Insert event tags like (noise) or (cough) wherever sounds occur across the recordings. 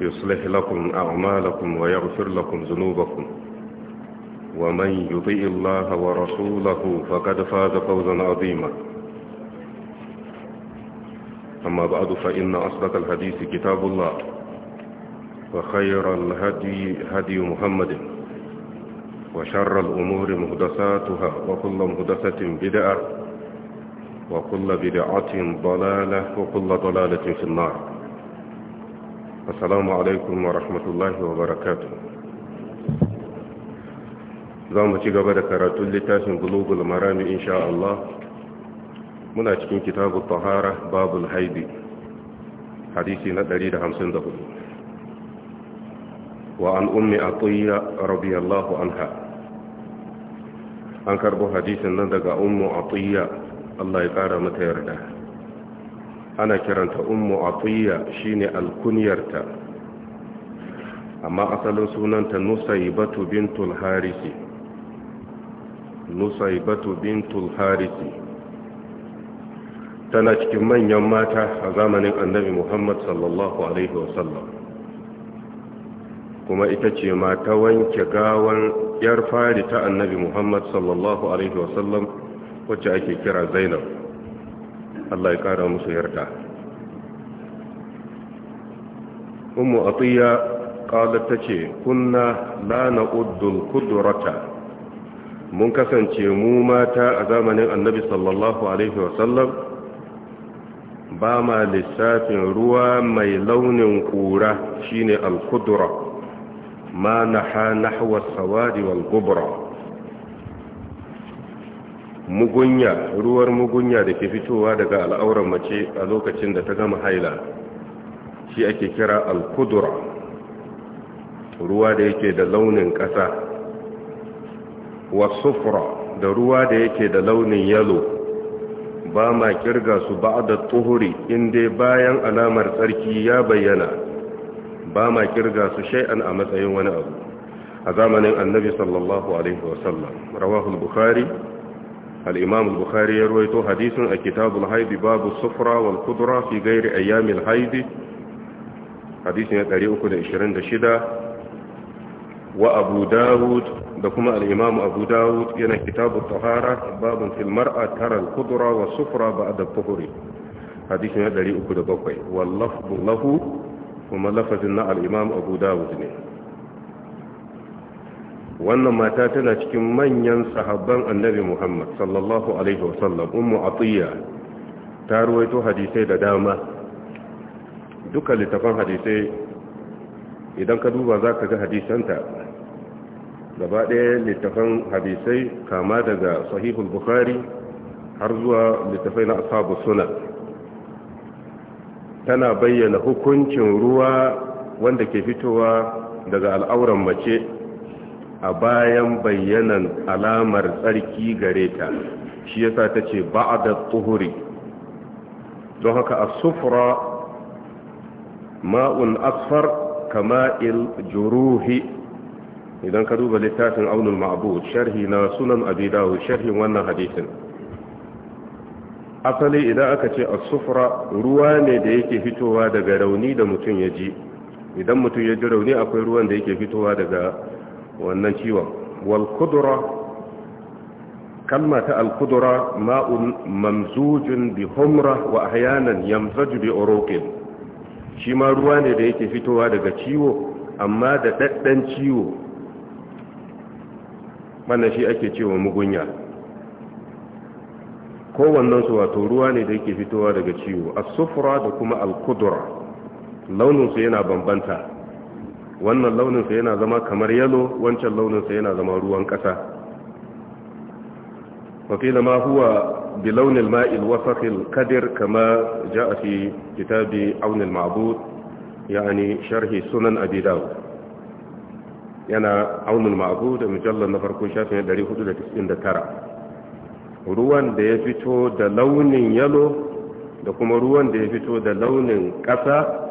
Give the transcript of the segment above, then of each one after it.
يصلح لكم أعمالكم ويغفر لكم ذنوبكم ومن يطيء الله ورسوله فقد فاز فوزا عظيما أما بعد فإن أصدق الحديث كتاب الله وخير الهدي هدي محمد وشر الأمور مهدساتها وكل مهدسة بدعة وكل بدعة ضلالة وكل ضلالة في النار السلام عليكم ورحمة الله وبركاته زعم تجعب ذكرات لتاس بلوغ المرام إن شاء الله من أجل كتاب الطهارة باب الحيد حديثي نتريد حمسن دفل وعن أم أطية رضي الله عنها أنكر بحديث نتريد أم أطية الله يقارى متى ana kiranta ummu atiyya shine alkunyarta amma asalin sunanta nusaybatu bintul harisi nusaybatu bintul harisi tana cikin manyan mata a zamanin annabi muhammad sallallahu alaihi wasallam kuma ita ce ma ta wanke gawan yar fari ta annabi muhammad sallallahu alaihi wasallam wacce ake kira zainab Allah ya kara musu yarda ummu atiya ta ce kunna la na'uddul qudrata mun kasance mu mata a zamanin annabi sallallahu alaihi wasallam ba ma lissafin ruwa mai launin ƙura shine al kudura ma naha nahwa as-sawadi wal-gubra mugunya ruwar mugunya da ke fitowa daga al'auran mace a lokacin da ta gama haila shi ake kira al ruwa da yake da launin ƙasa wasufra da ruwa da yake da launin yalo ba ma kirga su ba da tuhuri inda bayan alamar tsarki ya bayyana ba ma kirga su shay'an a matsayin wani abu a zamanin annabi sallallahu alaihi wasallam rawahul bukhari الإمام البخاري يرويته حديث الكتاب الحيض باب الصفرة والقدرة في غير أيام الحيض حديث يتريق إشرين دشدة وأبو داود دكما الإمام أبو داود ينا كتاب الطهارة باب في المرأة ترى القدرة والصفرة بعد الطهور حديث يتريق لبقي واللفظ له وما لفظنا الإمام أبو داود نه wannan mata tana cikin manyan sahabban annabi Muhammad sallallahu alaihi wasallam ummu atiya ta ruwaito hadisai da dama duka littafan hadisai idan ka duba za ka ga hadisanta gaba ɗaya littafan hadisai kama daga sahihul bukhari har zuwa littafai na asabu suna tana bayyana hukuncin ruwa wanda ke fitowa daga al'auran mace a bayan bayyanan alamar tsarki gare ta shi yasa ta ce da tuhuri don haka as-sufra ma'un asfar kama'il juruhi idan ka duba littafin aunul ma'bud sharhi na sunan abi sharhin wannan hadisin asali idan aka ce as-sufra ruwa ne da yake fitowa daga rauni da mutum ya ji idan mutum ya ji rauni akwai ruwan da yake fitowa daga wannan ciwon wal kudura ta al kudura ma'un mamzujun bi humra wa ahyanan yamzaju bi uruqin shi ma ruwa ne da yake fitowa daga ciwo amma da daddan ciwo wannan shi ake cewa mugunya kowannen su wato ruwa ne da yake fitowa daga ciwo as-sufra da kuma al launinsu launin su yana bambanta wannan launinsa yana zama kamar yalo wancan launinsa yana zama ruwan ƙasa wakila ma huwa bi launin ma'il wasafil kadir kama ja a fi kitabi aunin ma'abud yani sharhi sunan abidaw yana aunin ma'abud da mujallar na farko shafin 499 ruwan da ya fito da launin yalo da kuma ruwan da ya fito da launin ƙasa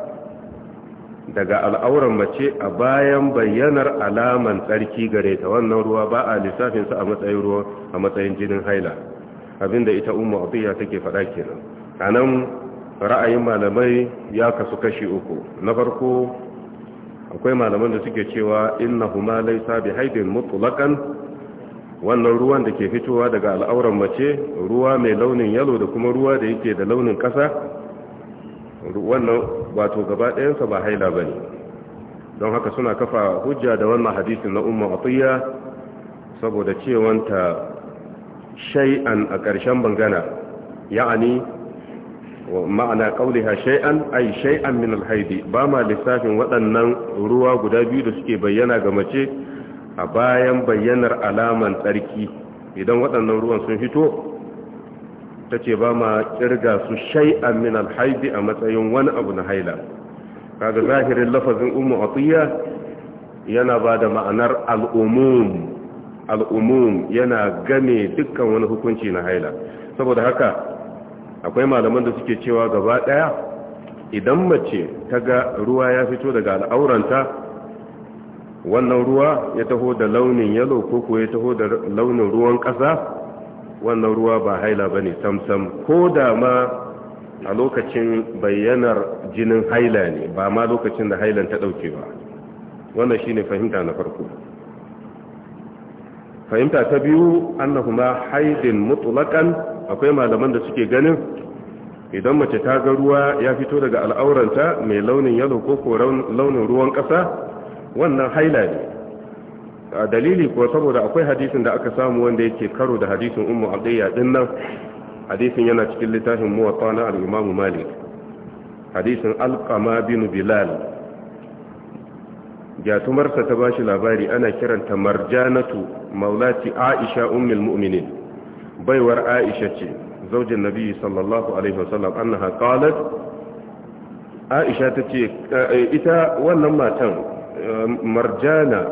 daga al'auran mace a bayan bayyanar alaman tsarki gare ta wannan ruwa ba a lissafinsa a matsayin ruwa a matsayin jinin haila abinda ita umma abiyya take faɗa kenan a nan ra'ayin malamai ya kasu kashi uku na farko akwai malaman da suke cewa inna huma laisa bi haidin mutlaqan wannan ruwan da ke fitowa daga al'auran mace ruwa mai launin yalo da kuma ruwa da yake da launin ƙasa wannan wato gaba ɗayansa ba haila ba ne don haka suna kafa hujja da wannan hadisin na umma atiyya saboda cewanta shay'an a ƙarshen bangana ya'ani ma'ana shai'an shay'an ay shay'an min alhaidi ba ma lissafin waɗannan ruwa guda biyu da suke bayyana ga mace a bayan bayyanar alaman tsarki idan waɗannan ruwan sun fito ta ce ba ma kirga su shay'an min alhaibi a matsayin wani abu na haila kaga zahirin lafazin ummu atiya yana ba da ma'anar al'umum al'umum yana game dukkan wani hukunci na haila saboda haka akwai malaman da suke cewa gaba daya idan mace ta ga ruwa ya fito daga al'auranta wannan ruwa ya taho da launin yalo ko ko ya taho da launin ruwan ƙasa wannan ruwa ba haila ba ne samsam ko da ma a lokacin bayyanar jinin haila ne ba ma lokacin da hailan ta ɗauke ba wannan shi ne fahimta na farko fahimta ta biyu annahuma haidin mutulakan akwai malaman da suke ganin idan mace ta ga ruwa ya fito daga al'auranta mai launin yalo ko launin ruwan ƙasa wannan haila ne dalili kuwa saboda akwai hadisin da aka samu wanda yake karo da hadisin ummu abdiyya din nan hadisin yana cikin littafin muwatta na al-imamu malik hadisin alqama bin bilal gyatumarsa ta ba shi labari ana kiranta marjanatu maulati aisha ummul mu'minin baiwar aisha ce zaujin nabi sallallahu alaihi wasallam annaha qalat aisha tace ita wannan matan marjana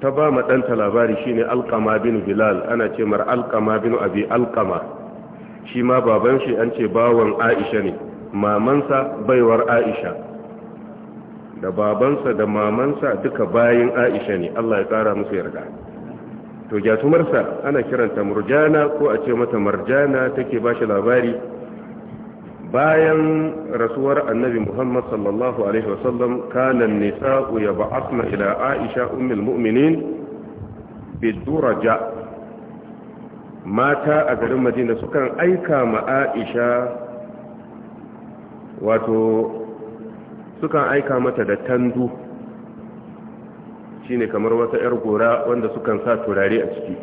ta ba ma ɗanta labari shine alƙama bin bilal ana ce mar alƙama bin abi alkama shi ma baban shi an ce bawan aisha ne mamansa baiwar aisha da babansa da mamansa duka bayan aisha ne allah ya ƙara musu yarda to gyatumarsa ana kiranta murjana ko a ce mata marjana take ba shi labari bayan rasuwar annabi muhammad sallallahu alaihi wasallam kanan nisa'u ya ba'asna ila aisha ummul mu'minin biduraja mata a garin madina sukan aika ma aisha wato sukan aika mata da tandu shine kamar wata 'yar gora wanda sukan sa turare a ciki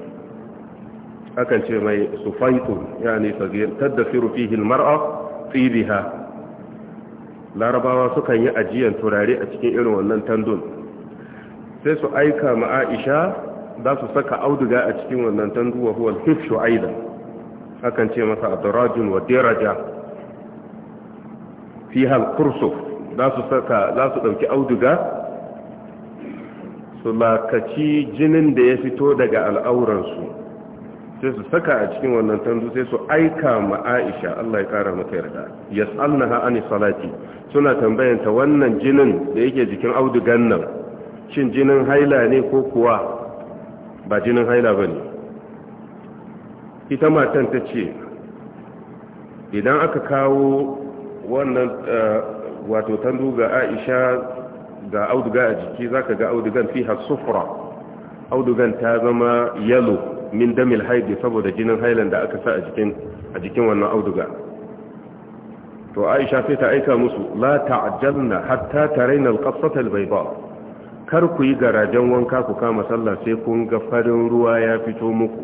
akan ce mai sufaitun ya ne tsaggiyar tadda firufihin mar'a tsibiha larabawa sukan yi ajiyan turare a cikin irin wannan tandun sai su aika ma aisha za su saka auduga a cikin wannan tandun wa huwa hifshu aidan hakan ce masa adrajun wa diraja fi hal za su saka za su dauki auduga su lakaci jinin da ya fito daga al'auransu sai su saka a cikin wannan tanzu sai su aika ma Aisha Allah ya kara mata yarda yas'alnaha ani salati suna ta wannan jinin da yake jikin audugan nan shin jinin haila ne ko kuwa ba jinin haila bane ita matan ta ce idan aka kawo wannan eh, wato tanzu ga Aisha ga auduga a jiki zaka ga audugan fiha sufra audugan ta zama yellow min damil haidi saboda jinin hailan da aka sa a jikin wannan auduga to aisha sai ta aika musu la ta'ajjalna hatta taraina alqassata albayda kar ku yi garajen wanka ku kama sallah sai kun ga farin ruwa ya fito muku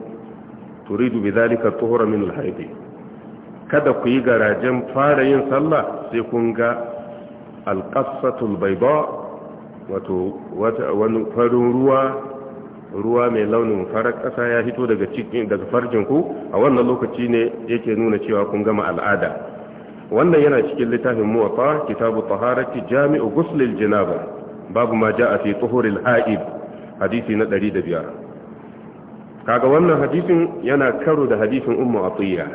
turidu bidhalika tuhura min alhaidi kada ku yi garajen fara yin sallah sai kun ga alqassatu albayda wato wani farin ruwa ruwa mai launin farar ƙasa ya fito daga cikin daga farjin ku a wannan lokaci ne yake nuna cewa kun gama al'ada wannan yana cikin littafin muwafa kitabu taharati jami'u guslil janaba babu ma ja'a fi tuhuril ha'ib hadisi na 105 kaga wannan hadisin yana karo da hadisin ummu atiya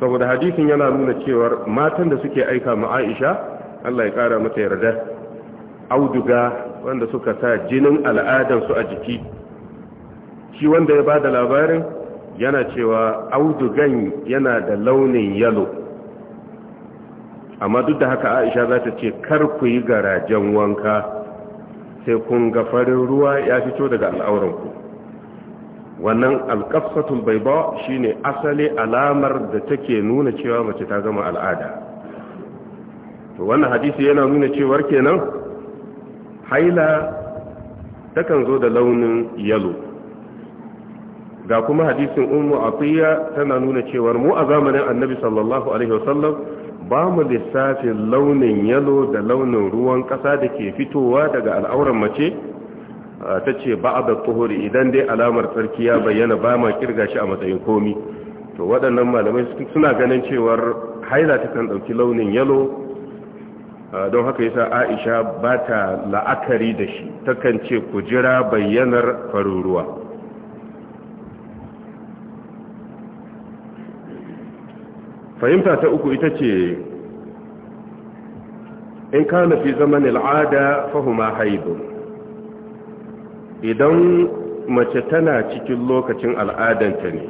saboda hadisin yana nuna cewa matan da suke aika ma Aisha Allah ya kara mata yarda auduga wanda suka sa jinin al'adansu a jiki shi wanda ya bada labarin yana cewa audugan yana da launin yalo amma duk da haka aisha za ta ce kar ku yi garajen wanka sai kun ga farin ruwa ya fito daga al'auranku wannan alƙafsatul baiba shine asali alamar da take nuna cewa mace ta gama al'ada to wannan hadisi yana nuna cewar kenan haila takan zo da launin yalo ga kuma hadisin ummu atiya tana nuna cewa mu a zamanin annabi sallallahu alaihi wasallam ba mu lissafin launin yalo da launin ruwan kasa da ke fitowa daga al'auran mace ta ce ba da tuhuri idan dai alamar sarki ya bayyana ba ma kirga shi a matsayin komi to waɗannan malamai suna ganin cewar haila ta kan ɗauki launin yalo don haka yasa aisha ba ta la'akari da shi takan ce ku jira bayyanar faruruwa fahimta ta uku ita ce in kana fi zaman al'ada fahuma haidu idan mace tana cikin lokacin al'adanta ne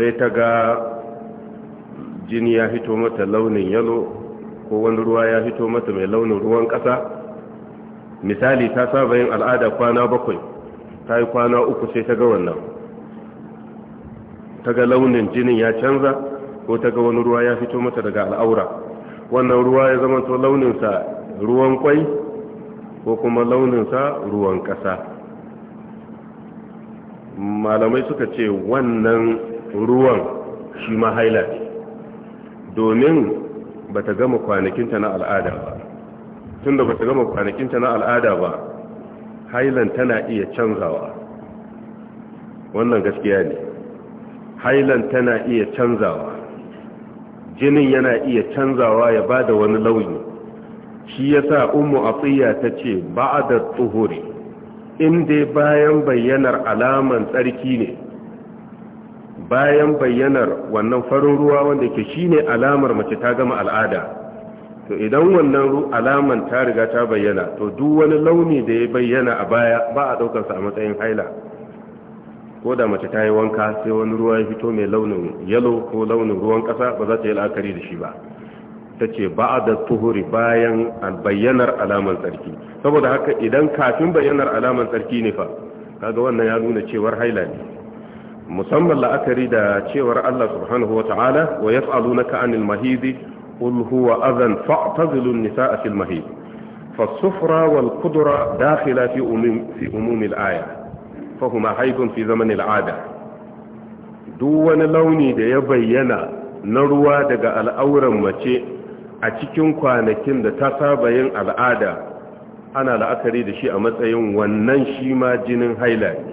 sai ta ga jini ya hito mata launin yalo ko wani ruwa ya hito mata mai launin ruwan ƙasa misali ta saba yin al'ada kwana bakwai ta yi kwana uku sai ta ga wannan ta ga launin jinin ya canza ko ta ga wani ruwa ya fito mata daga al'aura wannan ruwa ya zama to launinsa ruwan kwai ko kuma sa ruwan ƙasa malamai suka ce wannan ruwan shi ma haila domin ba ta gama kwanakinta na al'ada ba tun da ba ta gama kwanakinta na al'ada ba hailan tana iya canzawa wannan gaskiya ne hailan tana iya canzawa jinin yana iya canzawa ya ba da wani launi shi yasa ummu atiya tace ba'da tuhuri in dai bayan bayyanar alaman tsarki ne bayan bayyanar wannan farin ruwa wanda ke shine alamar mace ta gama al'ada to idan wannan alaman ta riga ta bayyana to duk wani launi da ya bayyana a baya ba a daukar a matsayin haila ko da mace ta yi wanka sai wani ruwa ya fito mai launin yalo ko launin ruwan ƙasa ba za ta yi la'akari da shi ba ta ce ba da tuhuri bayan bayyanar alamar tsarki saboda haka idan kafin bayyanar alamar tsarki ne fa kaga wannan ya nuna cewar haila ne musamman la'akari da cewar Allah subhanahu wa ta'ala wa yas'alunaka anil mahidi qul huwa adhan fa'tazilu an-nisaa fil mahid فالصفرة والقدرة داخلة في أموم, fi أموم الآية fahuma haidun fi zaman al'ada duk wani launi da ya bayyana na ruwa daga al'auran mace a cikin kwanakin da ta saba yin al'ada ana la'akari da shi a matsayin wannan shi ma jinin haila ne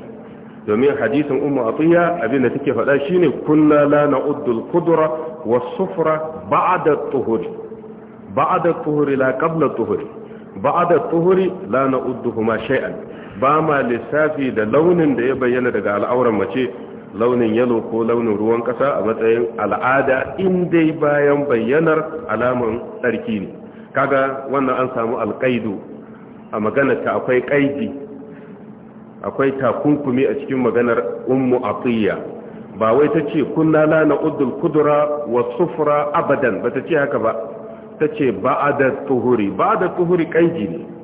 domin hadisin ummu atiya abin da take faɗa shine kunna la na'uddu al-qudra was-sufra ba'da at-tuhur ba'da tuhuri la qabla tuhuri ba'da da tuhuri la na'udduhuma shai'an. ba ma lissafi da launin da ya bayyana daga al'auran mace launin yalo ko launin ruwan kasa a matsayin al'ada in dai bayan bayyanar alaman tsarki ne kaga wannan an samu alkaidu a ta akwai kaidi akwai takunkumi a cikin maganar ummu afiya ba wai ta ce kunna la udul kudura wa sufra abadan ba ta ce haka ba ta ce ba'ada tuhuri ba'ada tuhuri kaidi ne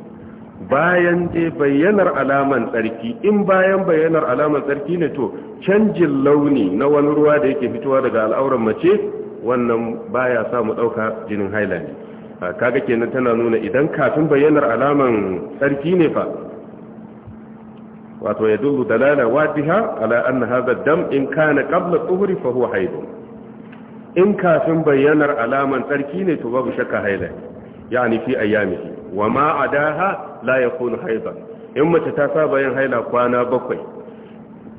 bayan bayyanar alaman tsarki in bayan bayyanar alaman tsarki ne to canjin launi na wani ruwa da yake fitowa daga al'auran mace wannan baya sa mu dauka jinin haila ne ah, kaga kenan tana nuna idan kafin bayyanar alaman tsarki ne fa wato ya dubu dalala wadiha ala anna hadha dam in kana qabla tuhri fa huwa haid in kafin bayyanar alaman tsarki ne to babu shakka haila yani fi ayyamihi wa ma adaha la yakunu haiza in mace ta saba yin haila kwana bakwai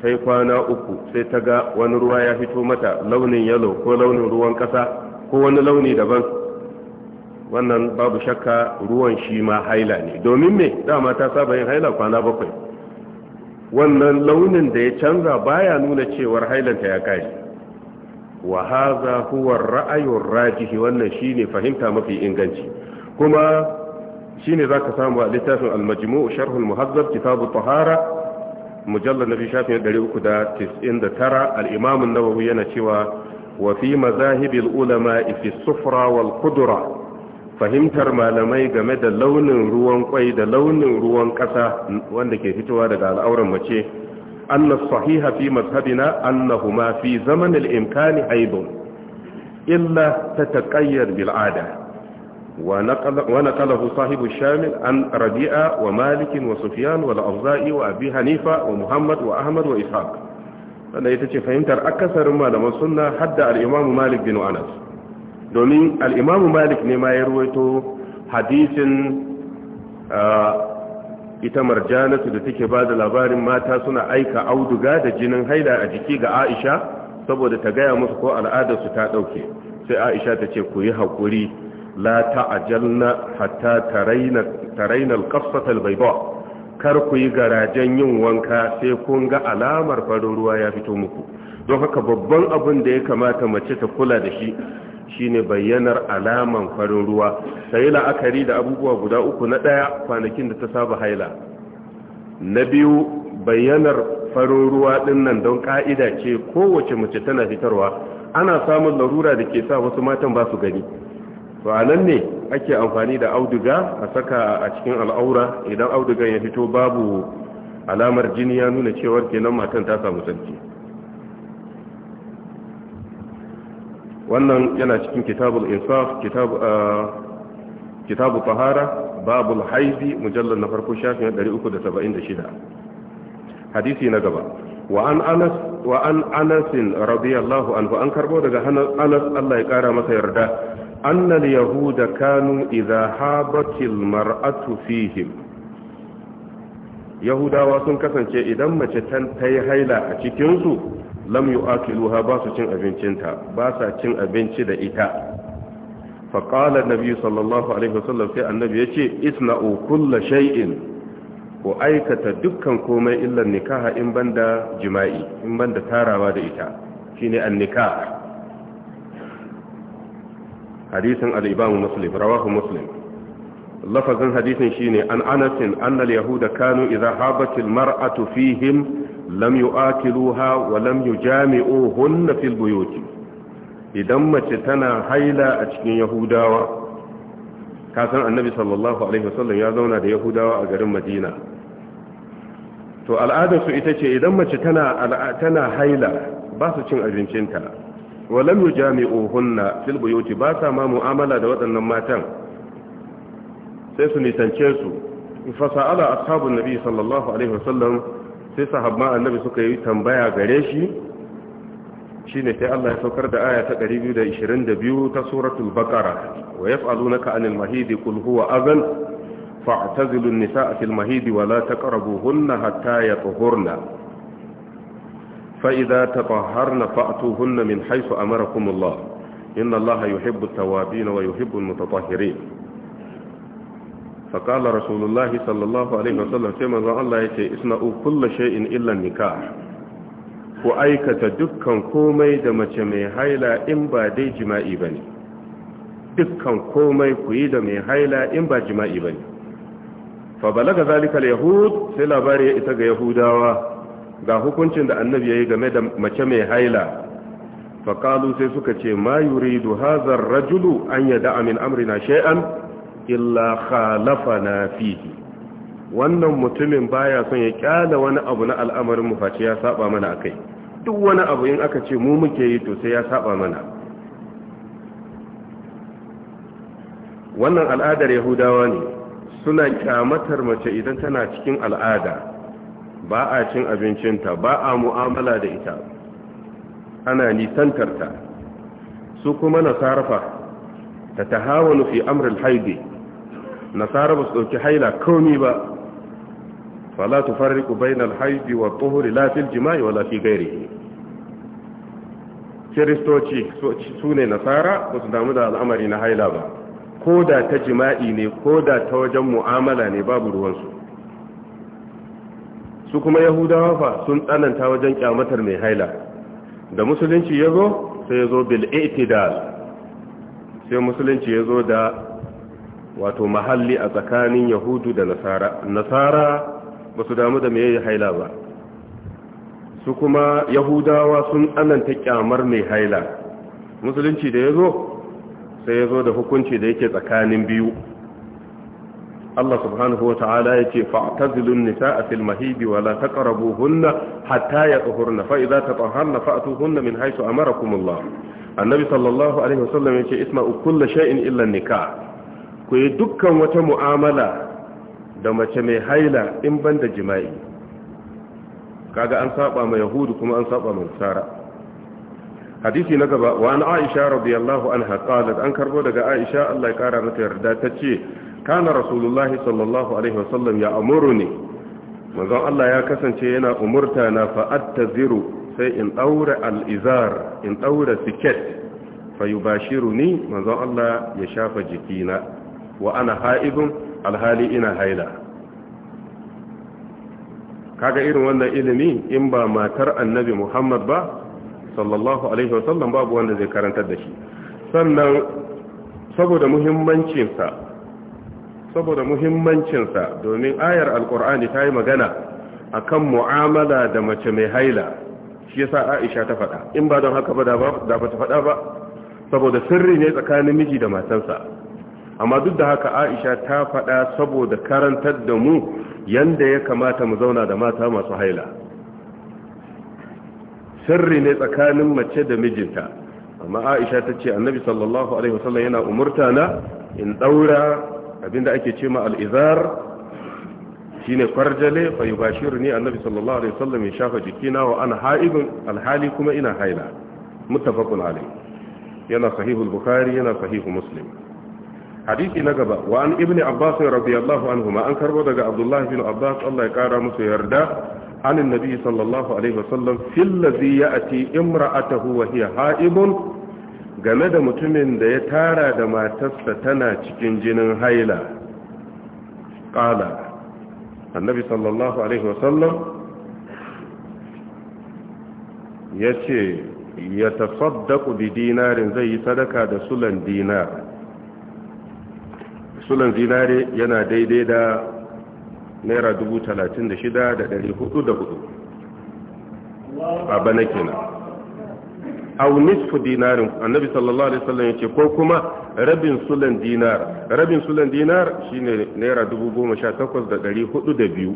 sai kwana uku sai ta ga wani ruwa ya fito mata launin yalo ko launin ruwan ƙasa ko wani launi daban wannan babu shakka ruwan shi ma haila ne domin me dama ta saba yin haila kwana bakwai wannan launin da ya canza baya nuna cewar hailanta ya kai wa haza huwa ra'ayur rajihi wannan shine fahimta mafi inganci kuma Shi ne za ka samu a littafin al-majmu' sharh al-muhazzab kitab at-tahara mujallad nabi da 399 al-imam an-nawawi yana cewa wa fi ulama ifi sufra wal kudura fahimtar malamai game da launin ruwan kwai da launin ruwan kasa wanda ke fitowa daga al'auran mace anna sahiha fi mazhabina annahuma fi zaman al-imkani aibun illa tataqayyad bil 'ada ونقله صاحب الشامل عن ربيعة ومالك وسفيان والأوزائي وأبي حنيفة ومحمد وأحمد وإسحاق sannan ita ce fahimtar akasarin malaman sunna hadda al'imamu malik bin anas domin al'imamu malik ne ma ya ruwaito hadisin ita marjanatu da take ba da labarin mata suna aika auduga da jinin haila a jiki ga aisha saboda ta gaya musu ko al'adarsu ta ɗauke sai aisha ta ce ku yi haƙuri la ta'ajalna hatta taraina bai ba kar ku yi garajen yin wanka sai kun ga alamar farin ruwa ya fito muku don haka babban abin da ya kamata mace ta kula da shi shine bayyanar alaman farin ruwa sai la'akari da abubuwa guda uku na daya kwanakin da ta saba haila na biyu bayyanar farin ruwa dinnan don ka'ida ce kowace mace tana fitarwa ana samun larura da ke sa wasu matan ba su gani to a nan ne ake amfani da auduga a saka a cikin al'aura idan audugan ya fito babu alamar jini ya nuna cewar kenan matan ta samu sarki wannan yana cikin kitabul insaf kitab kitabu tahara babul haizi mujallar na farko shafin 376 hadisi na gaba wa an anas wa an anas an karbo daga anas Allah ya kara masa yarda annal yahuda kanu idza habatil mar'atu fihim yahudawa sun kasance idan mace ta yi haila a cikin su lam yu'akiluha ba su cin abincinta ba sa cin abinci da ita فقال النبي صلى الله عليه وسلم في النبي يتي اسنعوا كل شيء وايكتا دكان komai illar nikaha in banda jima'i tarawa da ita shine annikah hadisin al-imam muslim rawahu muslim lafazin hadisin shine an anasin anna yahuda kanu idha habat maratu fihim lam yu'akiluha wa lam yujami'uhunna fil buyut idan mace tana haila a cikin yahudawa kasan annabi sallallahu alaihi wasallam ya zauna da yahudawa a garin madina to al'adarsu ita ce idan mace tana haila ba su cin abincinta walam hunna fil buyuti ba sa ma mu'amala da waɗannan matan sai su nisance su fasa'ala ashabun nabi sallallahu alaihi wasallam sai sahabban annabi suka yi tambaya gare shi shine sai Allah ya saukar da aya ta 222 ta suratul baqara wa yaf'alunaka anil mahidi qul huwa adhan fa'tazilu an-nisaa fil mahidi wa la taqrabuhunna hatta yatahurna فإذا تطهرن فأتوهن من حيث أمركم الله إن الله يحب التوابين ويحب المتطهرين فقال رسول الله صلى الله عليه وسلم كما الله يتي اسمعوا كل شيء إلا النكاح ku aikata dukkan komai da mace mai haila in ba dai jima'i ba ne dukkan komai ku yi da mai haila in ba jima'i ba ne fa balaga zalika yahud sai labari ya isa ga yahudawa ga hukuncin da annabi ya yi game da mace mai haila faƙalu sai suka ce ma yuri du hazar rajulu an yada'a amin amrina shay'an illa khalafana fihi wannan mutumin baya son ya kyala wani abu na al'amarin mufaci ya saba mana akai duk wani abu in aka ce mu muke yi to sai ya saba mana wannan al'adar yahudawa ne suna kyamatar mace idan tana cikin al'ada ba a cin abincinta ba a mu'amala da ita ana nisantarta su kuma nasarafa ta tahawanu nufi amril haidi nasara ba su ɗauki haila komi ba fala tufarriqu bainal haidi wa tuhuri la jima'i wa fi gairi. kiristoci su ne nasara ba su damu da al'amari na haila ba ko da ta jima'i ne ko da ta wajen mu'amala ne babu ruwansu su kuma yahudawa fa sun tsananta wajen kyamatar mai haila da musulunci ya zo sai ya zo bil'itidal sai musulunci ya zo da wato mahalli a tsakanin yahudu da nasara nasara ba su damu da mai haila ba su kuma yahudawa sun tsananta kyamar mai haila musulunci da ya zo sai ya zo da hukunci da yake tsakanin biyu Allah subhanahu ya ce fa'tazilun nisaa fil mahid wa la taqrabuhunna hatta yatahurna fa idza tatahharna fa'tuhunna min haythu amarakumullah annabi sallallahu alaihi wasallam yace isma'u kullu shay'in illa nikah ku yi dukkan wata mu'amala da mace mai haila in banda jima'i kaga an saba ma yahudu kuma an saba ma nasara hadisi na gaba wa an aisha radiyallahu anha qalat an karbo daga aisha Allah ya kara mata yarda tace kana rasulullahi sallallahu alaihi wasallam ya amuruni manzon Allah ya kasance yana umurta na fa'attaziru sai in daura al'izar in ɗaura siket ni manzon Allah ya shafa jikina wa ana haidun alhali ina haila kaga irin wannan ilimi in ba matar annabi Muhammad ba sallallahu alaihi wasallam babu wanda zai karantar da shi sannan saboda muhimmancinsa saboda muhimmancinsa domin ayar alkur'ani ta yi magana akan mu'amala da mace mai haila shi sa aisha ta faɗa in ba don haka ba da ba ta faɗa ba saboda sirri ne tsakanin miji da matansa amma duk da haka aisha ta faɗa saboda karantar da mu yanda ya kamata mu zauna da mata masu haila sirri ne tsakanin mace da mijinta amma aisha ta ce annabi sallallahu alaihi wasallam yana umurta na in daura abinda ake ce ma al'izar shine kwarjale fa yubashiru ni annabi sallallahu alaihi wasallam ya shafa jikina wa ana haibun alhali kuma ina haila muttafaqun alaihi yana sahihu al-bukhari yana sahihu muslim hadisi na gaba wa an ibni abbas radiyallahu ma an karbo daga abdullah bin abbas Allah ya kara musu yarda an annabi sallallahu alaihi wasallam fil ladhi ya'ti imra'atuhu wa hiya haibun game da mutumin da ya tara da matarsa tana cikin jinin haila ƙala annabi sallallahu alaihi wasallam ya ce ya tafaddaku bi dinarin zai yi sadaka da sulan dinar sulan dinare yana daidai da naira 36,404 a bana aw nisfu dinarin annabi sallallahu alaihi wasallam yace ko kuma rabin sulan dinar rabin sulan dinar shine naira 18402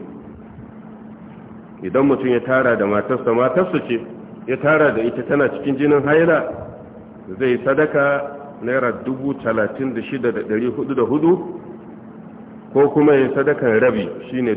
idan mutum ya tara da matarsa matarsa ce ya tara da ita tana cikin jinin haila zai sadaka naira 36404 ko kuma ya sadaka rabi shine a.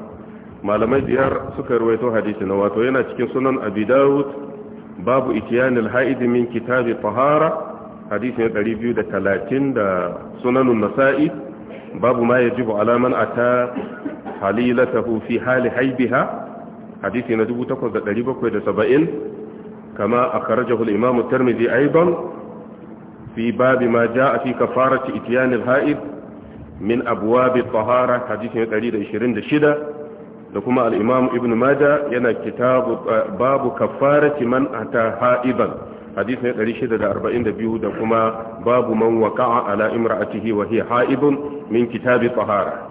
malamai biyar suka ruwaito hadisi na wato yana cikin sunan abi dawud babu itiyanil haidi min kitabi tahara hadisi ne 230 da sunanun nasa'i babu ma yajibu ala man ata halilatahu fi hali haibiha hadisi na 8770 kama akhrajahu al-imam at-tirmidhi aidan fi babi ma jaa fi kafarati itiyanil haid min abwab at-tahara hadisi ne 126 da kuma al'imam ibn maja yana kitabu babu kafarati man ata haiban hadisi ne 642 da kuma babu man waqa'a ala imra'atihi wa hiya haibun min kitabi tsahara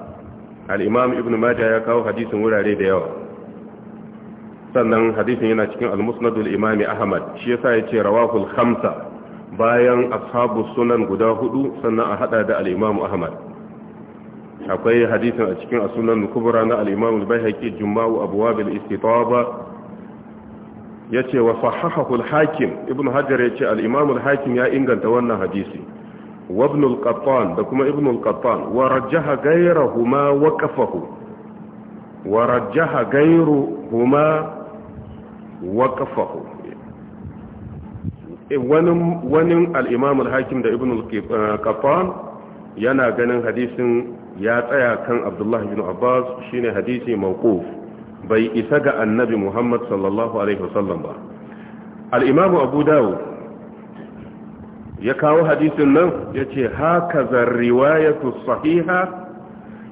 al'imam imam ibn maja ya kawo hadisin wurare da yawa sannan hadisin yana cikin al-musnad al ahmad shi yasa yace rawahu al-khamsa bayan ashabu sunan guda hudu sannan a hada da al-imam ahmad akwai hadisin a cikin asunan kubra na al-imam al-baihaqi juma'u abwab ba. ya ce wa sahahahu al-hakim ibn hajar ya ce imam al-hakim ya inganta wannan hadisi wabnul ibn da kuma ibnul al-qattan wa rajjaha ghayrahuma waqafahu wa rajjaha ghayruhuma waqafahu eh, wani al-imam al-hakim da ibnul al-qattan yana ganin hadisin ya tsaya kan abdullahi bin abbas shine hadisi mawquf bai isa ga annabi muhammad sallallahu alaihi wasallam ba al-imamu abu dawud ya kawo hadisin nan ya ce haka zarriwayatu sahiha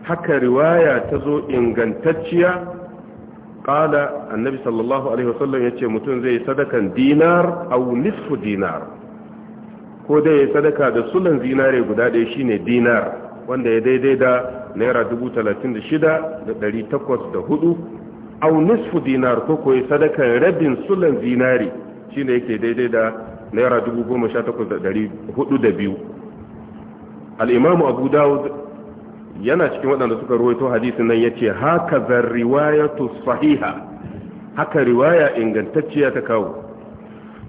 haka riwaya ta zo ingantacciya ƙada annabi sallallahu alaihi wasallam ya ce mutum zai sadakan dinar au nisfu dinar ko dai ya sadaka da sulan zinare guda ɗaya shine dinar wanda ya daidai da naira dubu talatin da shida da ɗari takwas da hudu au nisfu dinar ko koyi sadakan rabin sulan zinari shine yake daidai da naira dubu goma sha takwas da ɗari hudu da biyu al'imamu abu dawud yana cikin waɗanda suka ruwaito hadisin nan ya ce haka zan to sahiha haka riwaya ingantacciya ta kawo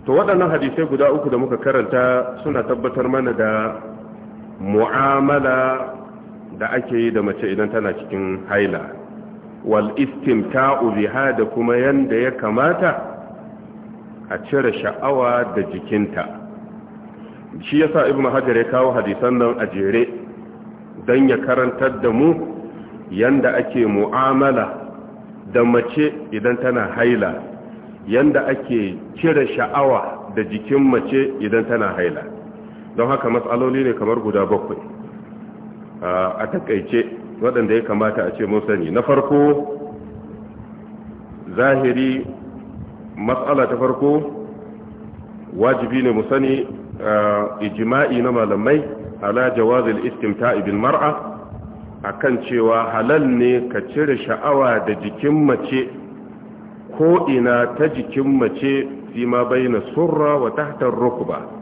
to waɗannan hadisai guda uku da muka karanta suna tabbatar mana da mu'amala da ake yi da mace idan tana cikin haila wal istimta'u biha da kuma yanda ya kamata a cire sha'awa da jikinta shi yasa ibnu hajar ya kawo hadisan nan a jere don ya karantar da mu yanda ake mu'amala da mace idan tana haila yanda ake cire sha'awa da jikin mace idan tana haila don haka matsaloli ne kamar guda bakwai a takaice waɗanda ya kamata a ce mun sani na farko zahiri matsala ta farko wajibi ne mu sani ijima'i na malamai ala jawazil istimta'i Ibin mar'a akan cewa halal ne ka cire sha'awa da jikin mace ko ina ta jikin mace fi ma baina surra wa tahtar rukba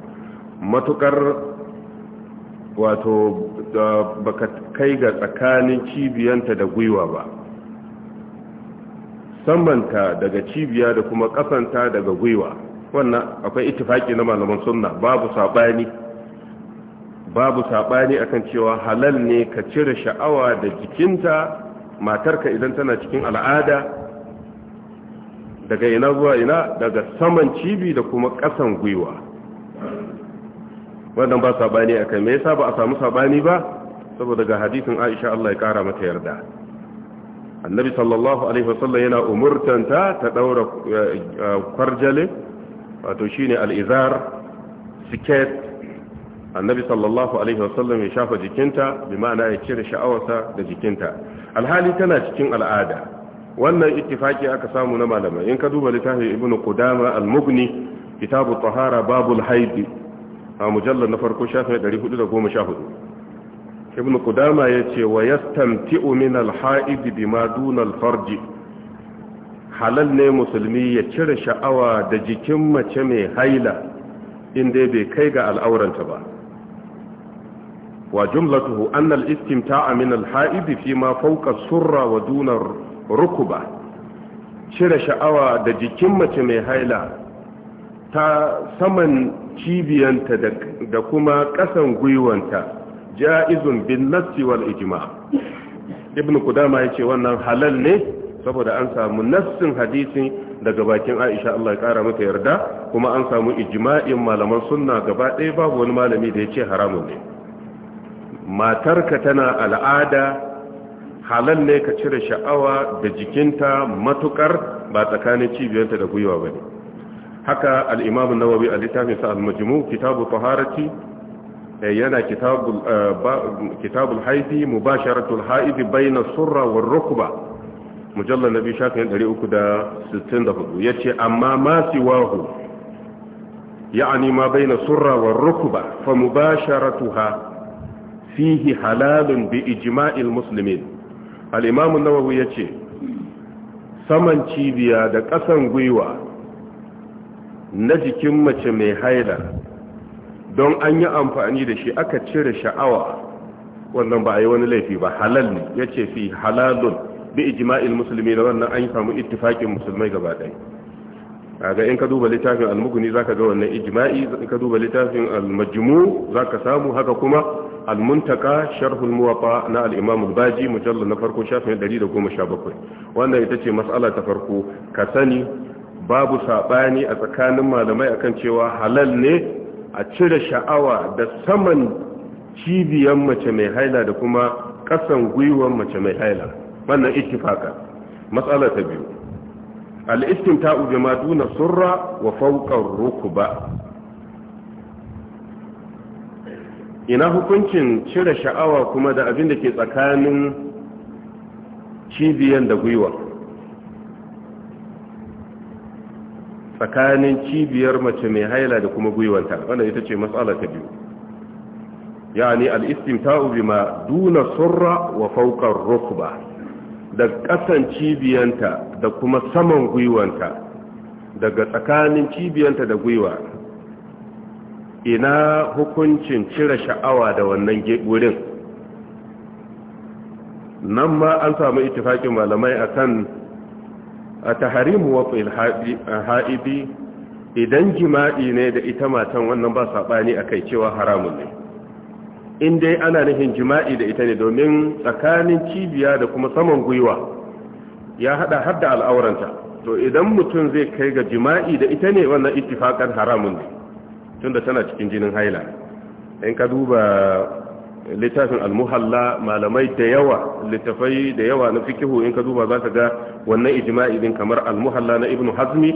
matukar wato baka kai ga tsakanin cibiyanta da gwiwa ba sambanta daga cibiya da kuma kasanta daga gwiwa wannan akwai itifaki na malaman sunna babu sabani babu sabani akan cewa halal ne ka cire sha'awa da jikinta matarka idan tana cikin al'ada daga ina zuwa ina daga saman cibi da kuma kasan gwiwa wannan ba sabani akai me yasa ba a samu saɓani ba saboda ga hadisin Aisha Allah ya kara mata yarda annabi sallallahu alaihi wasallam yana umurtanta ta ɗaura eh, eh, kwarjale wato shine al'izar siket annabi sallallahu alaihi wasallam ya shafa jikinta bi ma'ana ya cire sha'awarsa da jikinta alhali tana cikin al'ada wannan ittifaki aka samu na malamai in ka duba littafin ibnu qudama al-mughni kitabu tahara babul haidi a mujallar na farko shafin 414 ibn qudama yace wa yastamti'u min al-ha'id bima duna al-farj halal ne musulmi ya cire sha'awa da jikin mace mai haila inda bai kai ga al'auranta ba wa jumlatuhu anna al-istimta'a min al-ha'id fi ma fawqa surra wa duna rukuba cire sha'awa da jikin mace mai haila ta saman cibiyanta da kuma ƙasan gwiwanta ja'izun bin nassi wal ijma ibn kudama yace wannan halal ne saboda an samu nassin hadisi daga bakin Aisha Allah ya kara mata yarda kuma an samu ijma'in malaman sunna gaba ɗaya babu wani malami da yace haramun ne matarka tana al'ada halal ne ka cire sha'awa da jikinta matukar ba tsakanin cibiyanta da gwiwa bane haka al-imam an a littafin sa al-majmu kitabu taharati eh, yana kitabu eh, kitabul haifi mubasharatul haidi bayna surra war rukba mujallal nabi shafin 364 ce, amma ma siwahu يعني ما بين السرة والركبة فمباشرتها فيه حلال بإجماع المسلمين الإمام ya ce, saman cibiya da ƙasan gwiwa na jikin mace mai haila don an yi amfani da shi aka cire sha'awa wannan ba a yi wani laifi ba halal ne ya ce fi halalun bi ijma'il musulmi da wannan an yi samu ittifakin musulmai gaba ɗaya kaga in ka duba littafin almuguni mughni zaka ga wannan ijma'i in ka duba littafin al-majmu zaka samu haka kuma almuntaka muntaka sharh muwatta na al-imam al-baji mujallal na farko shafin 117 wannan ita ce mas'ala ta farko ka sani babu saɓani a tsakanin malamai akan cewa halal ne a cire sha'awa da saman cibiyan mace mai haila da kuma ƙasan gwiwar mace mai haila wannan ittifaka matsala ta biyu al uje ma na surra wa fauƙar ruku ba ina hukuncin cire sha'awa kuma da abin da ke tsakanin cibiyan da gwiwa tsakanin cibiyar mace mai haila da kuma gwiwanta wanda ita ce matsala ta biyu yani al-istimta'u bima duna surra wa fawqa rukba da kasan cibiyanta da kuma saman gwiwanta daga tsakanin cibiyanta da gwiwa ina hukuncin cire sha'awa da wannan wurin nan ma an samu ittifakin malamai akan a taharimu wa ha'idi idan jima'i ne da ita matan wannan ba saɓani a kai cewa haramun ne in dai ana nufin jima'i da ita ne domin tsakanin cibiya da kuma saman gwiwa ya hada har da al'auranta to idan mutum zai kai ga jima'i da ita ne wannan ittifakan haramun ne tunda tana cikin jinin haila in ka duba littafin almuhalla malamai da yawa littafai da yawa na fikihu in ka duba za ka ga wannan ijma'i din kamar almuhalla na ibnu hazmi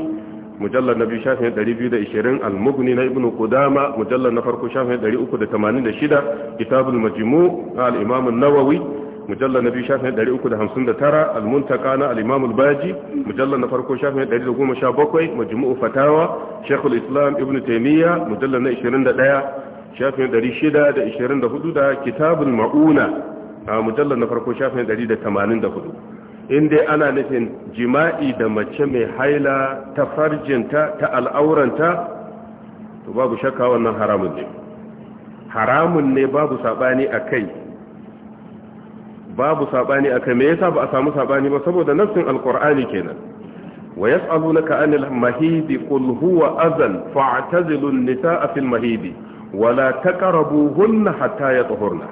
mujallar na biyu shafin 220 almugni na ibnu kudama mujallar na farko shafin 386 kitabul majmu al-imam an-nawawi mujallar na biyu shafin 359 almuntaka na al-imam al-baji mujallar na farko shafin 117 Majimu fatawa shekul islam ibnu taimiyya mujallar na 21 shafin 624 da kitabun ma'una a mujallar na farko shafin 184 inda ana nufin jima'i da mace mai haila ta farjinta ta al'auranta to babu shakka wannan haramun ne haramun ne babu saɓani a kai babu saɓani a kai me yasa ba a samu saɓani ba saboda nassin alkur'ani kenan wa yas'alunaka anil mahidi qul huwa adhan fa'tazilu an-nisaa fil mahidi wala taqrabuhunna hatta yatahurna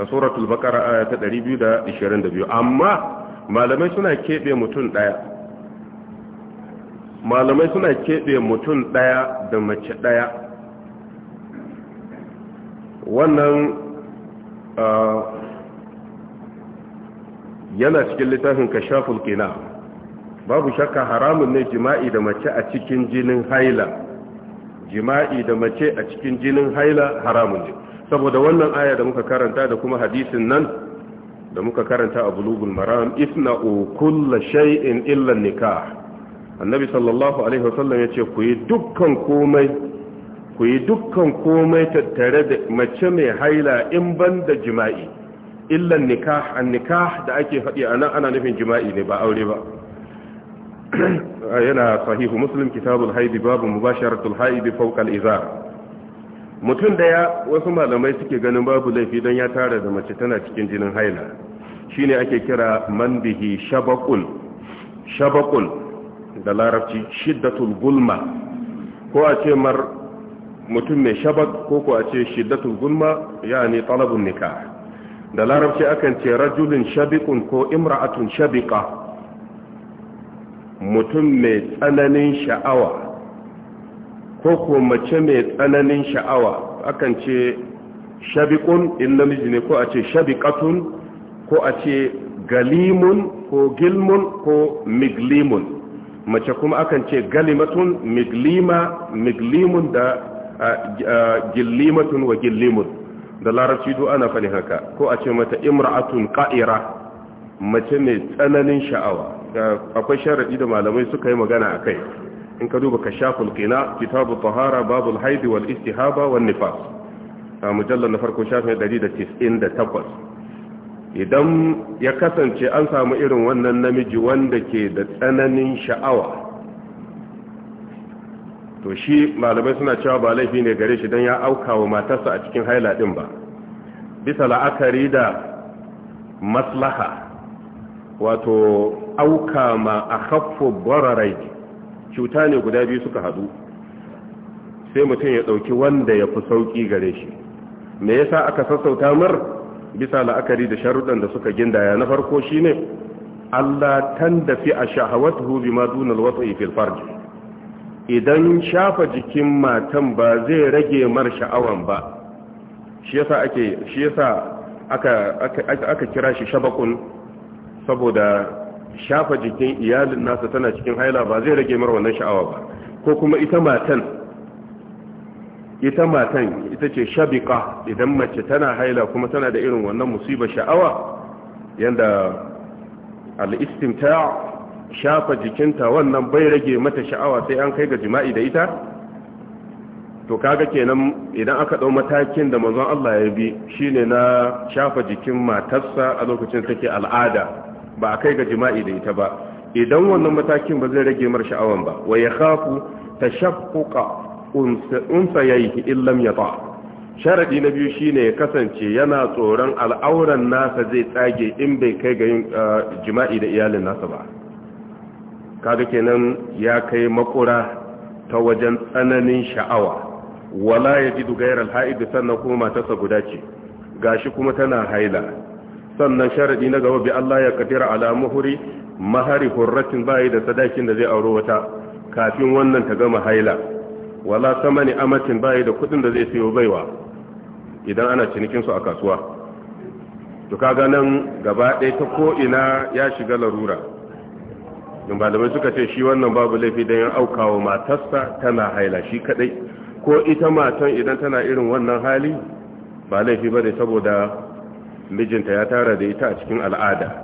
a suratul baqara aya ta 222 amma malamai suna kebe mutun daya malamai suna kebe mutun daya da mace daya wannan yana cikin littafin kashaful qina babu shakka haramun ne jima'i da mace a cikin jinin haila jima'i da mace a cikin jinin haila haramun ne saboda wannan aya da muka karanta da kuma hadisin nan da muka karanta a bulugun maram isna'u kulla shay'in illa nikah annabi sallallahu alaihi wasallam yace ku yi dukkan komai ku yi dukkan komai tattare da mace mai haila in banda jima'i illa nikah an nikah da ake faɗi anan ana nufin jima'i ne ba aure ba (clears throat) yana sahihu muslim kitabul haidi babu mubasharatul haidi fawqa al-izar mutum ɗaya wasu malamai suke ganin babu laifi don ya tare da mace tana cikin jinin haila shine ake kira man bihi shabaqul shabaqul da larabci shiddatul gulma ko a ce mar mutum mai shabaq ko ko a ce shiddatul gulma yani talabun nikah da larabci akan ce rajulun shabiqun ko imra'atun shabiqah mutum mai tsananin sha'awa ko ko mace mai tsananin sha'awa akan ce shabiqun in namiji ne ko a ce shabiqatun ko a ce galimun ko gilmun ko miglimun mace kuma akan ce galimatun miglima miglimun da gillimatun wa gillimun da larabci do ana fani haka ko a ce mata imra'atun qa'ira mace mai tsananin sha'awa akwai sharaɗi da malamai suka yi magana akai in ka duba kashaful qina kitabu tahara babul haid wal istihaba wan nifas mujallal na farko shafin 198 idan ya kasance an samu irin wannan namiji wanda ke da tsananin sha'awa to shi malamai suna cewa ba laifi ne gare shi don ya auka wa matarsa a cikin haila ɗin ba bisa la'akari da maslaha wato auka ma a haffo bararai cuta ne guda biyu suka hadu sai mutum ya ɗauki wanda ya fi sauki gare shi me yasa aka sassauta mar bisa la'akari da sharuɗan da suka gindaya na farko shine Allah tan da fi a shahawatuhu bi ma fil farj idan shafa jikin matan ba zai rage mar sha'awan ba shi yasa ake aka aka kira shi shabakun saboda shafa jikin iyalin nasa tana cikin haila ba zai rage mara wannan sha'awa ba ko kuma ita matan ita matan ita ce shabika idan mace tana haila kuma tana da irin wannan musibar sha'awa yanda al'istimta shafa jikinta wannan bai rage mata sha'awa sai an kai ga jima'i da ita to kaga kenan idan aka ɗau matakin da manzon Allah ya bi shine na shafa jikin matarsa a lokacin take al'ada ba a kai ga jima'i da ita ba idan wannan matakin ba zai rage mar sha'awan ba wa ya khafu tashaqquqa unsayayhi illam yata sharadi na biyu shine ya kasance yana tsoron al'auran nasa zai tsage in bai kai ga ah, jima'i da iyalin nasa ba kaga kenan ya kai makura ta wajen tsananin sha'awa wala yajidu ghayra al-ha'id sannan kuma matarsa guda ce gashi kuma tana haila sannan sharadi na gaba bi Allah ya kadira ala muhri mahari hurratin bayi da sadakin da zai auro wata kafin wannan ta gama haila wala samani amatin bayi da kudin da zai sayo baiwa idan ana cinikin su a kasuwa to kaga nan gaba ɗaya ta ko ina ya shiga larura don malamai suka ce shi wannan babu laifi dan ya aukawa matarsa tana haila shi kadai ko ita matan idan tana irin wannan hali ba laifi bane saboda mijinta ya tara da ita a cikin al'ada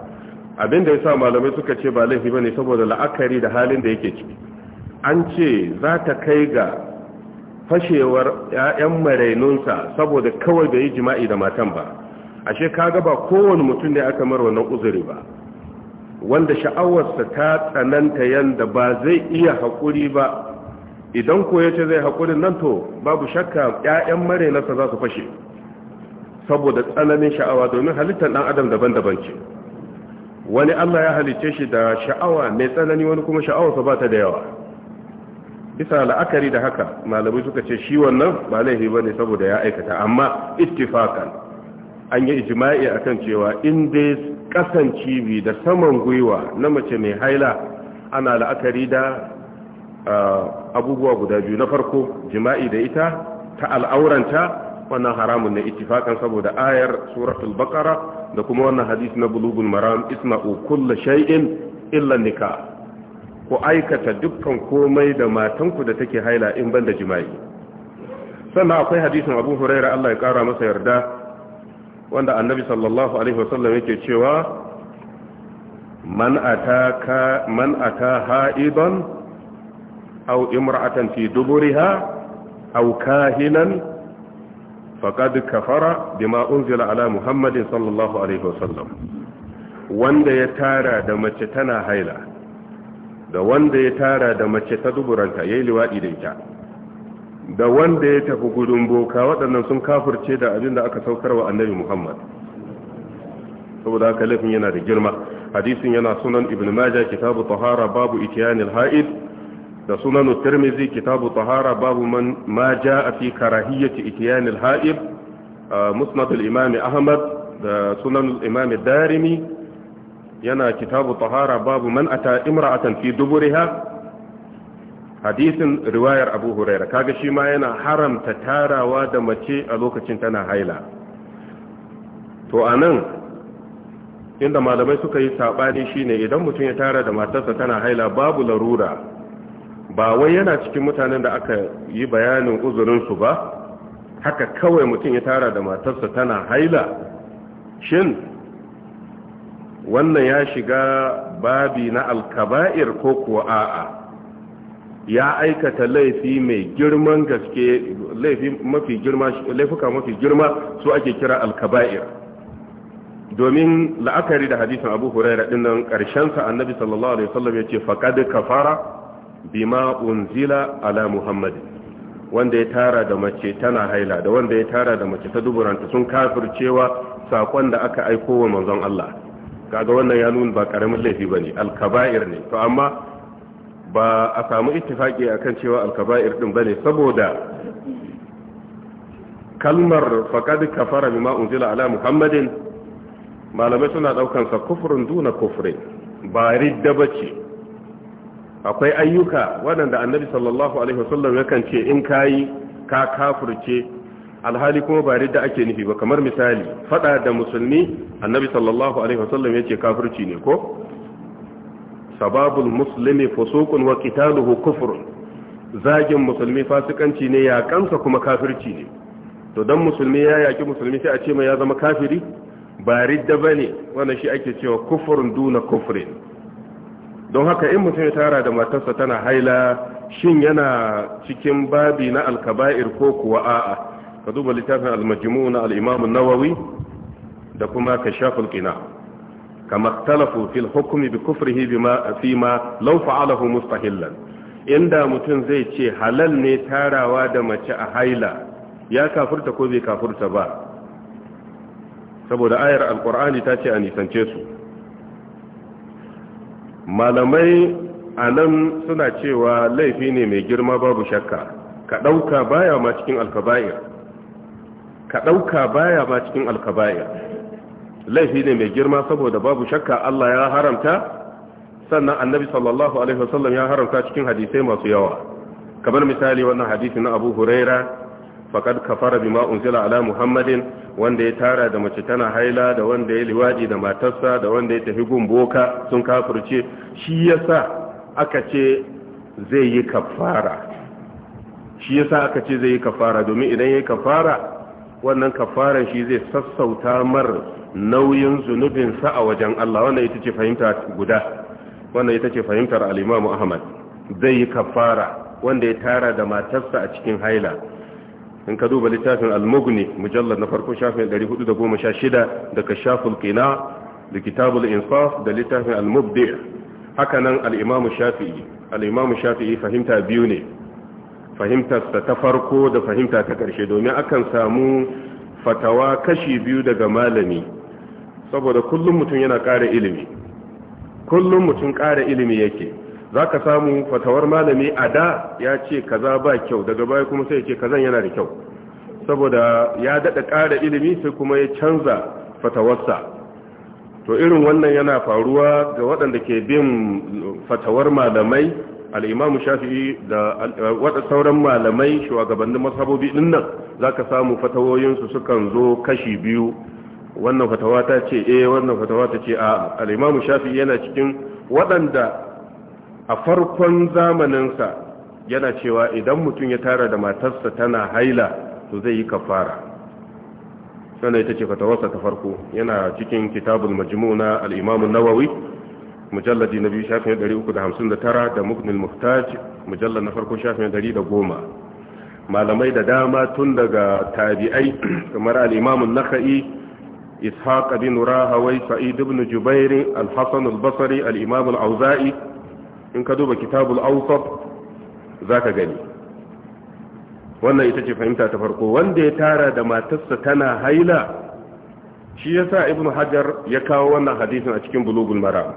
abin da ya sa malamai suka ce ba laifi ne saboda la'akari da halin da yake ciki an ce za ta kai ga fashewar 'ya'yan marainunsa saboda kawai bai yi jima'i da matan ba ashe kaga ba kowane mutum ne aka mara wannan uzuri ba wanda sha'awarsa ta tsananta yanda ba zai iya haƙuri ba idan ko ce zai haƙurin nan to babu shakka 'ya'yan marainarsa za su fashe saboda tsananin sha'awa domin halittar dan adam daban-daban ce wani Allah ya halicce shi da sha'awa mai tsanani wani kuma sha'awar ba ta da yawa bisa la'akari da haka malamai suka ce shi wannan ba laifi bane saboda ya aikata amma ittifakan an yi ijma'i kan cewa in dai kasan cibi da saman gwiwa na mace mai haila ana la'akari da ah, abubuwa guda biyu na farko jima'i da ita ta al'auranta wannan haramun ne ittifakan saboda ayar suratul baqara da kuma wannan hadisi na bulugul maram isma'u kullu shay'in illa nikah ku aikata dukkan komai da matanku da take haila in banda jima'i sannan akwai hadisin Abu Hurairah Allah ya kara masa yarda wanda Annabi sallallahu alaihi wasallam yake cewa man ataka man ata haidan aw imra'atan fi duburiha aw kahinan faqad kafara bima unzila ala muhammadin sallallahu alaihi wasallam wanda ya tara da mace tana haila da wanda ya tara da mace ta duburanta yayi liwaɗi da ita da wanda ya tafi gudun boka waɗannan sun kafurce da abin da aka saukarwa annabi muhammad saboda haka laifin yana da girma hadisin yana sunan ibn majah kitabu tahara babu ityanil haid da sunan tirmizi kitabu tahara babu man ma jaa fi karahiyyati ityan al-ha'ib uh, musnad al-imam ahmad da sunan al-imam darimi yana kitabu tahara babu man ata imra'atan fi duburiha hadisin riwayar abu huraira kaga shi ma yana haramta tarawa da mace a lokacin tana haila to anan inda malamai suka yi sabani shine idan mutum ya tara da matarsa tana haila babu larura ba wai yana cikin mutanen da aka yi bayanin uzurinsu ba haka kawai mutum ya tara da matarsa tana haila shin wannan ya shiga babi na alkaba'ir ko kuwa a'a ya aikata laifi mai girman gaske laifuka mafi girma su ake kira alkaba'ir domin la'akari da hadisin abu ɗin nan ƙarshensa annabi sallallahu alaihi wasallam ya ce faƙad kafara bima unzila ala muhammad wanda ya tara da mace tana haila da wanda ya tara da mace ta duburanta sun kafir cewa sakon da aka aiko wa manzon Allah kaga wannan ya nuna ba karamin laifi bane al-kaba'ir ne to amma ba a samu ittifaki akan cewa alkaba'ir kabair din bane saboda kalmar faqad kafara bima unzila ala muhammadin malamai suna daukan sa kufrun duna kufrin ba ridda akwai ayyuka waɗanda annabi sallallahu alaihi wasallam yakan ce in kayi ka kafurce alhali kuma ba ridda ake nufi ba kamar misali fada da musulmi annabi sallallahu alaihi wasallam yace kafirci ne ko sababul muslimi fusuqun wa qitaluhu kufrun zagin musulmi fasikanci ne ya kansa kuma kafirci ne to dan musulmi ya yaki musulmi sai a ce mai ya zama kafiri ba ridda bane wannan shi ake cewa kufrun duna kufrin don haka in mutum ya tara da matarsa tana haila shin yana cikin babi na alkaba'ir ko kuwa a'a ka duba littafin almajimu na al'imamun nawawi da kuma ka shafin ƙina kamar talafu fil hukumi bi kufrihi bi fi ma fa'alahu mustahillan inda mutum zai ce halal ne tarawa da mace a haila ya kafurta ko bai kafurta ba saboda ayar alkur'ani ta ce a nisance su malamai a nan suna cewa laifi ne mai girma babu shakka ka ɗauka baya ma cikin alkaba'ir ka ɗauka baya ma cikin alkaba'ir laifi ne mai girma saboda babu shakka Allah ya haramta sannan annabi sallallahu alaihi wasallam ya haramta cikin hadisai masu yawa kamar misali wannan hadisi na abu huraira faqad kafara bima unzila ala muhammadin wanda ya tara da mace tana haila da wanda ya liwaji da matarsa da wanda ya tafi gun boka sun kafirce shi yasa aka ce zai yi kafara shi yasa aka ce zai yi kafara domin idan yayi kafara wannan kafaran shi zai sassauta mar nauyin zunubinsa a wajen Allah wannan ita ce fahimta guda wannan ita ce fahimtar al'imamu Ahmad zai yi kafara wanda ya tara da matarsa a cikin haila in ka duba littafin al-mughni mujallad na farko shafin 416 da kashaful qina da kitabul insaf da littafin al-mubdi haka nan al-imam shafi'i al-imam shafi'i fahimta biyu ne fahimtarsa ta farko da fahimta ta karshe domin akan samu fatawa kashi biyu daga malami saboda kullum mutum yana ƙara ilimi kullum mutum ƙara ilimi yake za ka samu fatawar malami a da ya ce kaza ba kyau daga baya kuma sai ya ce kazan yana da kyau saboda ya daɗa ƙara ilimi sai kuma ya canza fatawarsa to irin wannan yana faruwa ga waɗanda ke bin fatawar malamai al'imamu shafi'i da eh, waɗa sauran malamai shugabannin masabobi ɗin nan za ka samu fatawoyinsu sukan zo kashi biyu wannan fatawa ta ce a wannan fatawa ta ce a al'imamu shafi'i yana cikin waɗanda a farkon zamaninsa yana cewa idan mutum ya tara da matarsa tana haila to zai yi kafara sannan ita ce fatawarsa ta farko yana cikin kitabul majmu na al nawawi mujalladi na biyu shafin 359 da muknil muhtaj mujallad na farko shafin 110 malamai da dama tun daga tabi'ai kamar al-imam an-nakhai إسحاق بن راهوي سعيد بن جبير الحسن البصري الإمام الأوزائي in ka duba kitabul awsat zaka gani wannan ita ce fahimta ta farko wanda ya tara da matarsa tana haila shi yasa ibnu hajar ya kawo wannan hadisin a cikin bulugul maram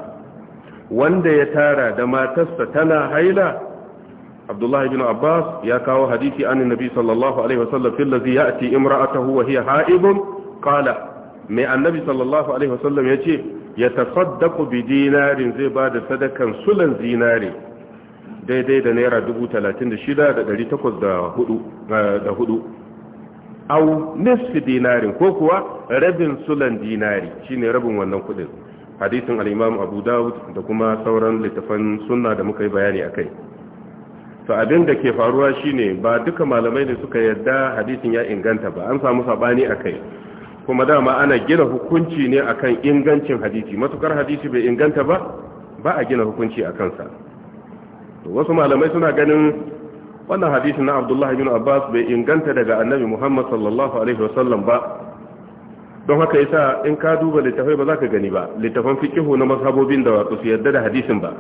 wanda ya tara da matarsa tana haila abdullahi ibn abbas ya kawo hadisi an nabi sallallahu alaihi wasallam fil ladhi ya'ti imra'atahu wa hiya ha'ibun qala mai annabi sallallahu alaihi wasallam yace ya tasaddaku bi dinarin zai ba da sadakan sulan zinari daidai da naira 36,804 eh, au nisfi dinarin ko kuwa rabin sulan dinari shine rabin wannan kudin hadisin al'imam abu dawud da kuma sauran littafan suna da muka yi bayani a kai to abin da ke faruwa shine ba duka malamai ne suka yarda hadisin ya inganta ba an samu sabani a kai kuma dama ana gina hukunci ne akan ingancin hadisi matukar hadisi bai inganta ba ba a gina hukunci a kansa wasu malamai suna ganin wannan hadisi na abdullahi bin abbas bai inganta daga annabi muhammad sallallahu alaihi wasallam ba don haka yasa in ka duba littafai ba za ka gani ba littafan fikihu na mazhabobin da wato su yarda da hadisin ba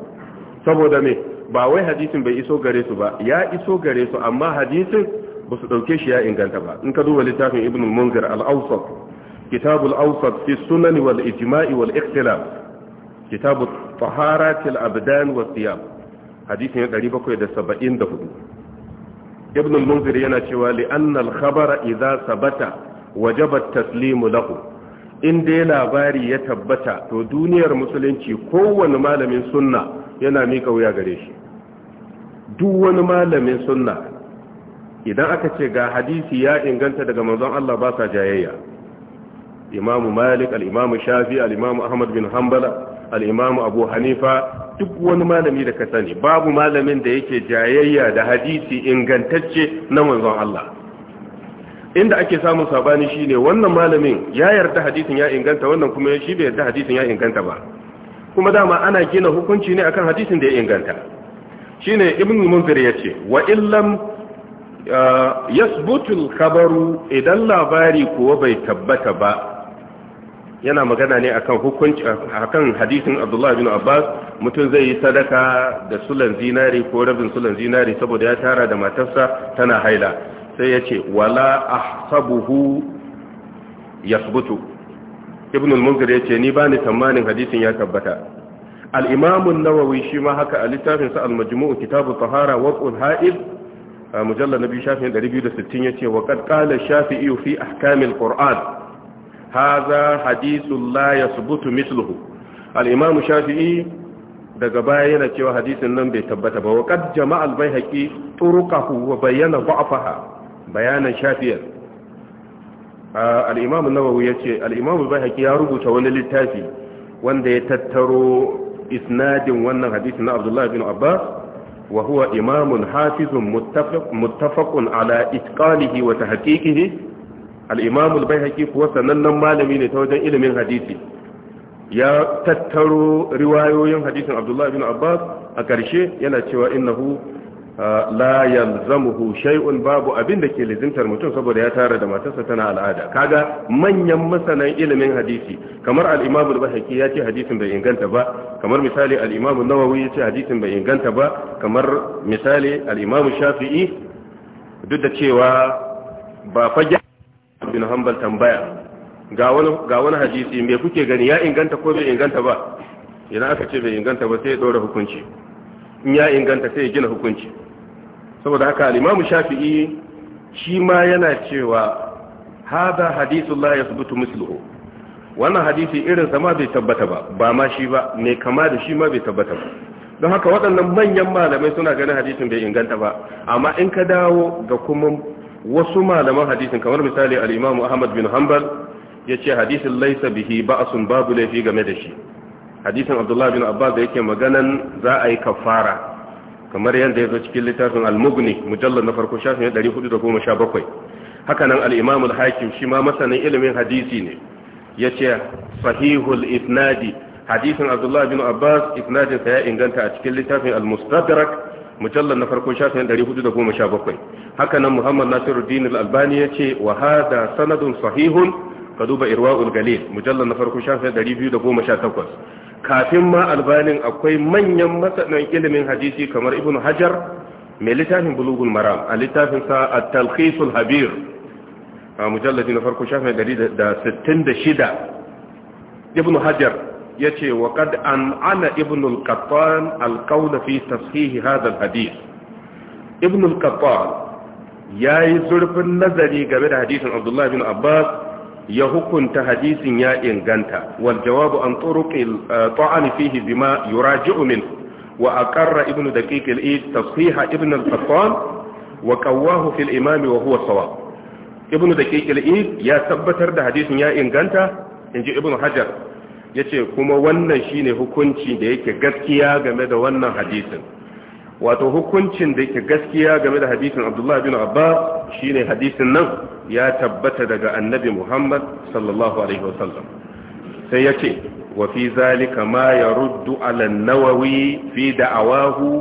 saboda me ba wai hadisin bai iso gare su ba ya iso gare su amma hadisin ba su dauke shi ya inganta ba in ka duba littafin ibn munzir al-awsat Kitabu awsat fi sunan wal ijma'i wal ikhtilaf kitabut taharatil abdan was siyam hadisin 774 ibn al-munzir yana cewa li anna al sabata wajaba at-taslimu lahu in dai labari ya tabbata to duniyar musulunci kowane malamin sunna yana mika wuya gare shi duk wani malamin sunna idan aka ce ga hadisi ya inganta daga manzon Allah basa jayayya imamu malik al'imamu shafi al'imamu ahmad bin hanbala al'imamu abu hanifa duk wani malami da ka sani babu malamin da yake jayayya da hadisi ingantacce na manzon Allah inda ake samun sabani shine wannan malamin ya yarda hadisin ya inganta wannan kuma shi bai yarda hadisin ya inganta ba kuma dama ana gina hukunci ne akan hadisin da ya inganta shine ibn munzir yace wa illam ah, yasbutul khabaru idan labari kuwa bai tabbata ba yana magana ne akan hukunci akan hadisin Abdullah bin Abbas mutum zai yi sadaka da sulan zinari ko rabin sulan zinari saboda ya tara da matarsa tana haila sai ya ce wala ahsabuhu yasbutu ibn al-munzir ya ce ni bani tamanin hadisin ya tabbata al-imam an-nawawi shi ma haka a littafin sa al-majmu' kitab at-tahara waqul ha'id mujallad nabi shafi'in 260 yace wa qad qala shafi'i fi ahkam al-qur'an haza hadithun la subutu mithluhu al-imam shafi'i daga baya yana cewa hadisin nan bai tabbata ba wa qad jama'a bai haƙi turuqahu wa bayyana da'faha bayanan shafi'i al-imam an-nawawi yace al-imam al ya rubuta wani littafi wanda ya tattaro isnadin wannan hadisi na Abdullah bin Abbas wa huwa imamun hafizun muttafaqun ala itqalihi wa tahqiqihi al'imamul bai al kuwa sanannen malami ne ta wajen ilimin hadisi ya tattaro riwayoyin hadisin abdullahi bin abbas a ƙarshe yana cewa innahu ah, la yalzamuhu shay'un babu abin da ke lizintar mutum saboda ya tara da matarsa tana al'ada kaga manyan masanan ilimin hadisi kamar al-imam al-bahaki ya ce hadisin bai inganta ba kamar misali al-imam an-nawawi ya ce hadisin bai inganta ba kamar misali al-imam shafi'i duk da cewa ba fage bin hanbal tambaya ga wani ga wani hadisi me kuke gani ya inganta ko bai inganta ba idan aka ce bai inganta ba sai ya dora hukunci in ya inganta sai ya gina hukunci saboda haka al-Imam Shafi'i shi ma yana cewa hada hadithu la yathbutu misluhu wannan hadisi irin sama bai tabbata ba ba ma shi ba mai kama da shi ma bai tabbata ba don haka waɗannan manyan malamai suna ganin hadisin bai inganta ba amma in ka dawo ga kuma wasu malaman hadisin kamar misali al-Imam Ahmad bin Hanbal yace hadisin laisa bihi ba'sun babu laifi game da shi hadisin Abdullahi bin Abbas da yake maganan za a yi kafara kamar yadda ya zo cikin littafin al-Mughni mujallal na farko shafin 417 haka nan al-Imam al-Hakim shi ma masanin ilimin hadisi ne yace sahihul isnadi hadisin Abdullah bin Abbas isnadin sa ya inganta a cikin littafin al-Mustadrak mujallar na farko shafin 417 haka nan muhammad nasiruddin al-albani ya ce wa hada sanadun sahihun ka duba irwa'ul galil mujallar na farko shafin 218 kafin ma albanin akwai manyan masanan ilimin hadisi kamar ibn hajar mai littafin bulugul maram a littafin sa at-talkhisul habir a mujallar na farko shafin 166 ibn hajar yace wa qad an'ana ibn al-qattan al fi tashih hadha hadith ibn al-qattan zurfin nazari game da hadisin Abdullah bin Abbas ya hukunta hadisin ya inganta wal jawabu an turuqil ta'ani fihi bima yuraji'u min wa aqarra ibn daqiq al-eid tashih ibn al-qattan wa qawwahu fi al wa huwa sawab ibn ya tabbatar da hadisin ya inganta inji ibn hajar yace kuma wannan shine hukunci da yake gaskiya game da wannan hadisin wato hukuncin da yake gaskiya game da hadisin Abdullah bin Abbas shine hadisin nan ya tabbata daga Annabi Muhammad sallallahu alaihi wasallam sai yace wa fi zalika ma yaruddu ala nawawi fi da'awahu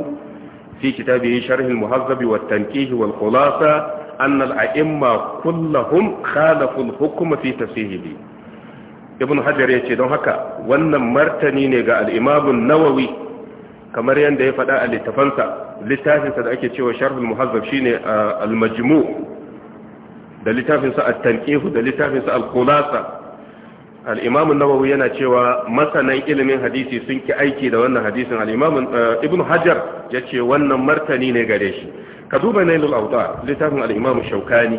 fi kitabihi Sharh al-Muhazzab wa at-Tanqih wa al-Khulasa أن الأئمة كلهم خالفوا الحكم في ibn hajar ya ce don haka wannan martani ne ga al'imamun nawawi kamar yadda ya faɗa a littafansa littafinsa da ake cewa sharhul muhazzab shine al-majmu da littafinsa at-tanqih da littafinsa al kulasa al nawawi yana cewa masanan ilimin hadisi sun ki aiki da wannan hadisin al ibn hajar yace wannan martani ne gare shi ka duba nailul awtar littafin al shaukani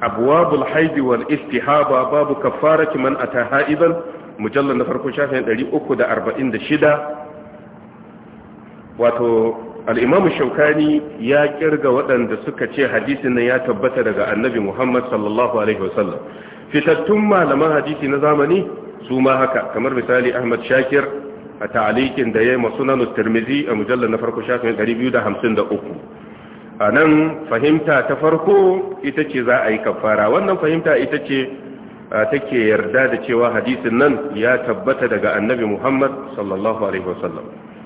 abwabul haidi wal istihaba babu kaffarati man ata haiban mujallal na farko shafin 346 wato al shaukani ya kirga waɗanda suka ce hadisin nan ya tabbata daga annabi Muhammad sallallahu alaihi wasallam fitattun malaman hadisi na zamani su ma haka kamar misali Ahmad Shakir a ta'alikin da ya yi nanu Tirmidhi a mujallal na farko shafin 253 a nan fahimta ta farko ita ce za a yi kafara wannan fahimta ita ce take yarda da cewa hadisin nan ya tabbata daga annabi muhammad sallallahu alaihi wasallam